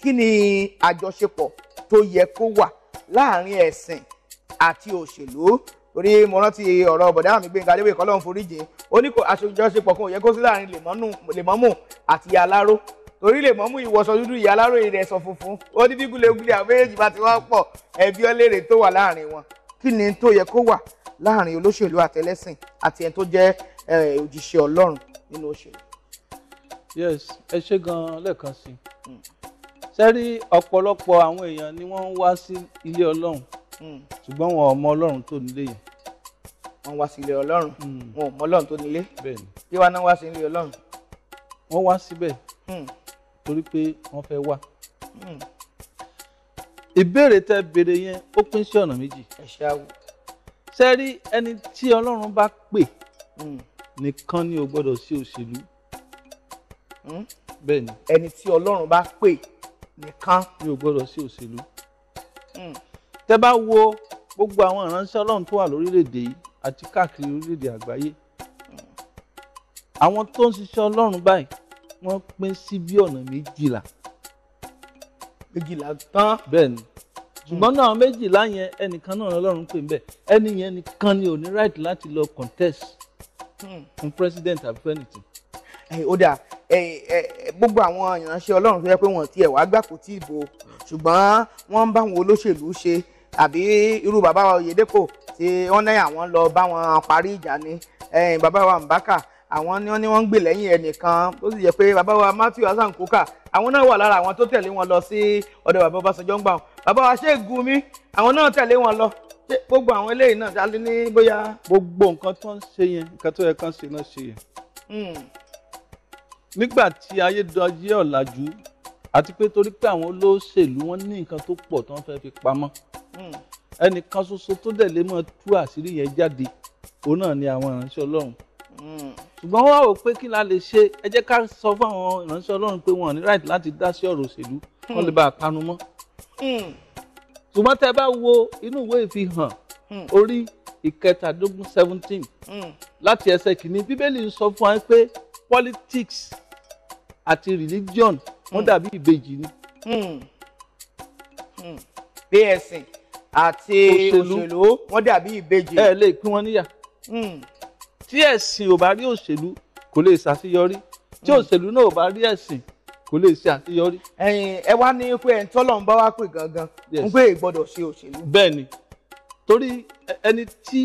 kí ni àjọṣepọ̀ tó yẹ kó wà láàrin ẹ̀sìn àti òṣèlú torí mo rántí ọ̀rọ̀ bọ̀dá mi Gbénga Adébóyè kọ́ lọ́hún foríjì àjọṣepọ̀ kan ò yẹ kó sí láàrin lèmọ́mù àti aláró torí lèmọ́mù ìwọ̀sọ dúdú ìyá aláró rẹ̀ sọ funfun ó ní bí gúlegúle àwọn méjèèjì bá ti wá pọ̀ ẹbí ọlẹ́rẹ̀ tó wà láàrin wọn kí ni tó yẹ kó wà láàrin olóṣèlú àtẹlẹ́sìn àti ẹni tó jẹ́ òjìṣẹ́ Ọlọ́run nínú òṣèlú. yes ẹ ṣe gan-an lẹ́ẹ̀kan sí i sẹ́rí mm. ọ̀pọ̀lọpọ̀ àwọn èèyàn ni wọ́n ń wá sí ilé ọlọ́run mm. ṣùgbọ́n wọn ò mọ ọlọ́run tó nílé yẹn. wọ́n wá sí ilé ọlọ́run mm. wọn ò mọ ọlọ́run tó nílé bí wàá náà wá sí ilé ọlọ́run. wọ́n wá síbẹ̀ torí pé wọ́n fẹ́ wá. ìbéèrè tẹ béèrè yẹn ó pín sí ọ̀nà méjì. sẹ́rí ẹni tí ọlọ́run bá pè nìkan ni ò gbọ́dọ̀ sí òṣèlú ẹni tí Ọlọ́run bá pè nìkan. mi ò gbọ́dọ̀ sí òṣèlú. Hmm. tẹ́ bá wo gbogbo àwọn ìránṣẹ́ Ọlọ́run tó wà lórílẹ̀‐èdè yìí àti káàkiri orílẹ̀‐èdè àgbáyé àwọn tó ń ṣiṣẹ́ Ọlọ́run báyìí wọ́n pín sí bí ọ̀nà méjìlá. méjìlá tán. bẹ́ẹ̀ni hmm. ṣùgbọ́n náà méjìlá yẹn ẹnìkan náà Ọlọ́run pè ń bẹ̀ ẹni yẹn nìkan ni ò ní right láti lọ contest hmm. fún president àbí fẹ́nìtì ó dà gbogbo àwọn ìránṣẹ́ Ọlọ́run tó yẹ pé wọ́n ti ẹ̀ wá gbàpò tí ìbò ṣùgbọ́n wọ́n ń bá àwọn olóṣèlú ṣe àbí irú bàbá wa Oyèdèpò tí wọ́n náà àwọn lọ bá wọn parí ìjà ni bàbá wa Mbaka àwọn ni wọ́n ní wọ́n ń gbè lẹ́yìn ẹnìkan ó sì yẹ pé bàbá wa Matthew Hasan Kuka àwọn náà wà lára àwọn tó tẹ̀lé wọn lọ sí ọ̀dọ̀ bàbá Ọbásanjọ́ ń gbà wọn bàbá wa Ṣẹ́gun mi àwọn náà tẹ̀lé wọn lọ gbogbo àwọn eléyìí náà dálé ní bóyá. gbogbo nǹkan tó ń ṣe yẹn nǹkan tó yẹ kán ṣe náà ṣe yẹn. Hmm nígbà tí ayédọ̀jì ọ̀làjú àti pé torí pé àwọn olóṣèlú wọn ní nǹkan tó pọ̀ tí wọ́n fẹ́ fi pamọ́ hmm. ẹnìkan ṣoṣo tó dẹ̀ lè máa tú àṣírí yẹn jáde òun náà ni àwọn ìránṣẹ́ ọlọ́run hmm. ṣùgbọ́n wọ́n rò pé kí la lè ṣe ẹ jẹ́ ká sọ fún àwọn ìránṣẹ́ ọlọ́run pé wọ́n ní right láti dá sí ọ̀rọ̀ òṣèlú wọ́n lè hmm. bá a panu mọ́ ṣùgbọ́n tẹ́ bá wo inú ìwé ìfihàn orí ìkẹtàdógún seventeen láti ẹsẹ̀ kìíní bíbélì ń sọ fún wa pé politics àti religion wọ́n hmm. dàbí ìbejì ni. Hmm. Hmm. bí ẹ̀sìn àti òṣèlú wọ́n dàbí ìbejì. ẹ lè pín wọn níyà. tí ẹ̀sìn ò bá rí òṣèlú kò lè ṣàṣeyọrí tí òṣèlú náà ò bá rí ẹ̀sìn kò lè ṣe àṣeyọrí. ẹ̀yin ẹ wá ní pé ẹni tọ́lọ̀ ń bá wá pè gangan ń pé ìgbọ́dọ̀ ṣe òṣèlú. bẹ́ẹ̀ ni torí ẹni tí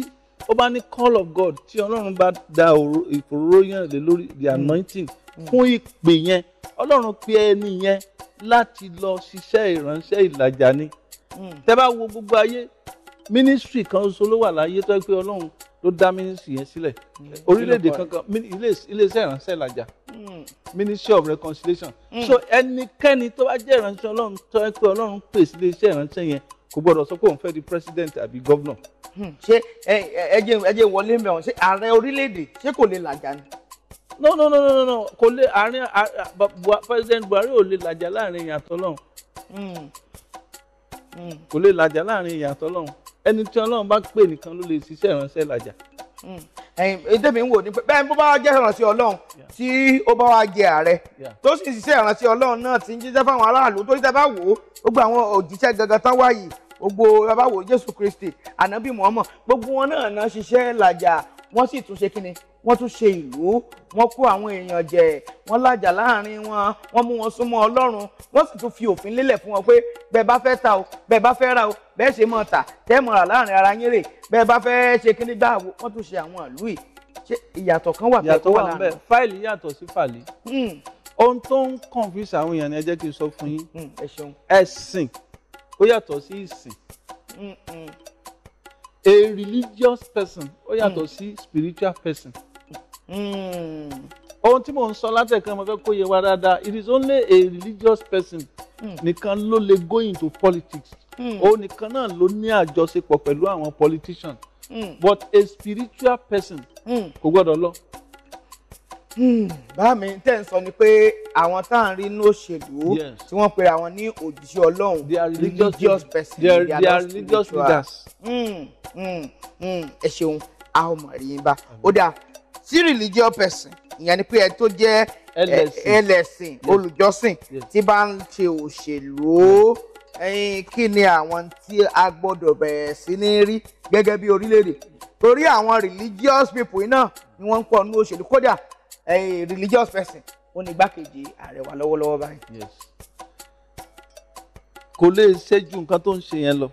ó bá ní call of God tí ọlọ́run bá da ìfòróró yàn lé lórí the hmm. anointing hmm. fún ìpè yẹn ọlọ́run pe ẹni yẹn láti lọ ṣiṣẹ́ ìránṣẹ́ ìlàjà ni hmm. tẹ́ bá wo gbogbo ayé ministry kan ṣoṣo ló wà láyé tó yẹ pé ọlọ́run ló dá ministry yẹn sílẹ̀ eh, orílẹ̀-èdè kankan iléeṣẹ́ ìránṣẹ́ ìlàjà ministry of reconciliation so ẹnikẹ́ni tó bá jẹ́ ìránṣẹ́ ọlọ́run tó yẹ pé ọlọ́run pèsè iléeṣẹ́ ìránṣẹ́ yẹn kò gbọ́dọ̀ sọ pé òun fẹ́ di president àbí governor Hmm. ṣé ẹ jẹ́ wọlé mẹ́wọ̀n ṣé ààrẹ orílẹ̀-èdè ṣé kò lè làjà ni. no no no no no kò lè àárín president Buhari ò lè làjà láàrin ìyàtọ̀ lọ́hùn hmm. hmm. kò lè làjà láàrin ìyàtọ̀ lọ́hùn ẹni tí Ọlọ́run bá pè nìkan ló lè ṣiṣẹ́ ìránṣẹ́ làjà. ẹyin tèmi ń wò ní pé bẹ́ẹ̀ bó bá wá jẹ́ ìrànṣẹ́ Ọlọ́run tí ó bá wá jẹ ààrẹ tó sì ṣiṣẹ́ ìrànṣẹ́ Ọlọ́run náà ti ń jíjẹ́ fáwọn aráàlú tó ń bá wò ó gbogbo àwọn òjíṣẹ́ gangan tán wáyìí gbogbo babawo jésù kristi ànábì muhammad gbogbo wọn náà náà ṣiṣẹ́ làjà wọ́n sì tún ṣe kíni wọ́n tún ṣe ìlú wọ́n kó àwọn èèyàn jẹ wọ́n làjà láàrin wọn wọ́n mú wọn súnmọ́ ọlọ́run wọ́n sì tún fi òfin lélẹ̀ fún wọn pé bẹ́ẹ̀ bá fẹ́ ta o bẹ́ẹ̀ bá fẹ́ ra o bẹ́ẹ̀ ṣe mọ̀ tà tẹ́ mọ̀ rà láàrin ara yín rè bẹ́ẹ̀ bá fẹ́ ṣe kíní gbà wo wọ́n tún ṣe àwọn ìlú yìí ṣé ìyàtọ̀ kan wà pẹ̀lú wà láàrin. fáìlì yàtọ̀ sí fàlẹ́ hmm. ohun tó ń confuse àwọn èèyàn ni ẹ jẹ́ kí n sọ fún yín hmm. Hmm. ẹ̀sìn ó yàtọ̀ sí ìsìn a religious person ó yàtọ̀ mm. sí spiritual person mm. ohun tí mò ń sọ látẹ̀kan mo fẹ́ kó yé wa dáadáa it is only a religious person mm. nìkan ló lè go into politics òun nìkan náà ló ní àjọṣepọ̀ pẹ̀lú àwọn politicians but a spiritual person kò gbọ́dọ̀ lọ. Hmm, bá mi tẹ́ ń sọ ni pé àwọn tá à ń rí inú òṣèlú tí wọ́n pe àwọn ní òjíṣẹ́ Ọlọ́run they are religious, religious person they are, they are religious leaders. Hmm, hmm, ẹ ṣeun a ò mọ̀ rí yín bá ó dáa sí religious person ìyẹn ni pé ẹ tó jẹ́ ẹlẹ́sìn olùjọ́sìn tí bá ń ṣe òṣèlú kí ni àwọn tí a gbọ́dọ̀ bẹ̀rẹ̀ sí ní rí gẹ́gẹ́ bí orílẹ̀-èdè torí àwọn religious people náà ni wọ́n ń pọ̀ nínú òṣèlú kódà A religious person ó ní igbákejì ààrẹ wa lọ́wọ́lọ́wọ́ báyìí. kò lè ṣe ju nǹkan tó ń ṣe yẹn lọ.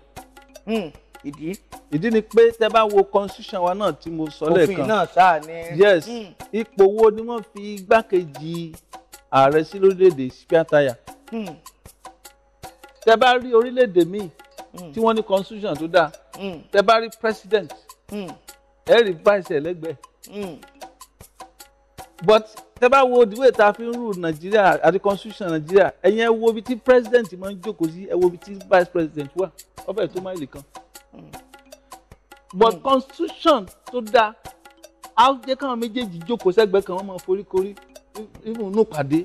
Hmm, ìdí. ìdí ni pé tẹ bá wo constitution wa náà tí mo sọ lẹ́ẹ̀kan òfin náà sáà ni. yes hmm. ipò wo ni wọ́n fi igbákejì ààrẹ sí lórílẹ̀‐èdè spiataya. Hmm. tẹ bá rí orílẹ̀‐èdè míì tí wọ́n ní constitution tó dáa tẹ bá rí president ẹ rí vice but tẹ bá wo the way ta fi ń rule nàìjíríà àti constitution nàìjíríà ẹ̀yin ẹ wo ibi tí president máa ń jókòó sí ẹ wo ibi tí vice president wà ọbẹ̀ tó máìlì kan hmm. but hmm. constitution tó dáa á jẹ́ káwọn méjèèjì jókòó sẹ́gbẹ́ kan wọ́n máa foríkorí even nù pàdé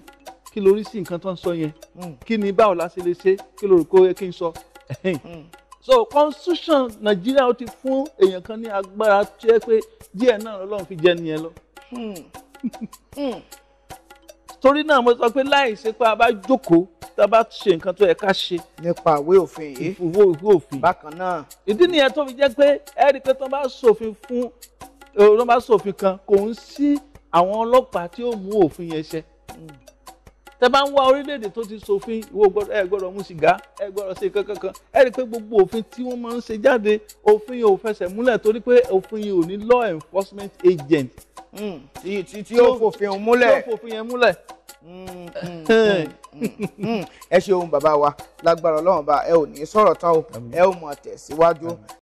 kí lórí sí nǹkan tó ń sọ yẹn hmm. kí ni báwo la ṣe lè ṣe kí lórí kó yẹ kí n sọ so constitution nàìjíríà ó ti fún èèyàn kan ní agbára tó yẹ pé díẹ̀ náà lọ́lọ́run fi jẹ́ nìyẹn lọ torí náà mo sọ pé láì ṣe pé a bá jókòó tá a bá ṣe nǹkan tó yẹ ká ṣe. nípa ìwé òfin yìí ìfowó ìwé òfin. bákan náà. ìdí nìyẹn tó fi jẹ́ pé ẹ rí i pé tó bá ṣòfin fún tó bá ṣòfin kan kò ń sí àwọn ọlọ́pàá tí ó mú òfin yẹn ṣe tẹ́ bá ń wá orílẹ̀-èdè tó ti ṣòfin ìwọ gbọ́dọ̀ ẹ gbọ́dọ̀ mu sìgá ẹ gbọ́dọ̀ ṣe kankankan ẹ rí i pé gbogbo òfin tí wọ́n máa ń ṣe jáde òfin yìí ò fẹsẹ̀ múlẹ̀ torí pé òfin yìí ò ní law enforcement agent. Hmm. tí ó fòfin múlẹ̀ tí ó fòfin yẹn múlẹ̀ hmm, hmm, ẹ ṣeun bàbá wa lágbára ọlọ́run bá ẹ ò ní sọ̀rọ̀ tán o ẹ ò mọ̀ tẹ̀síwájú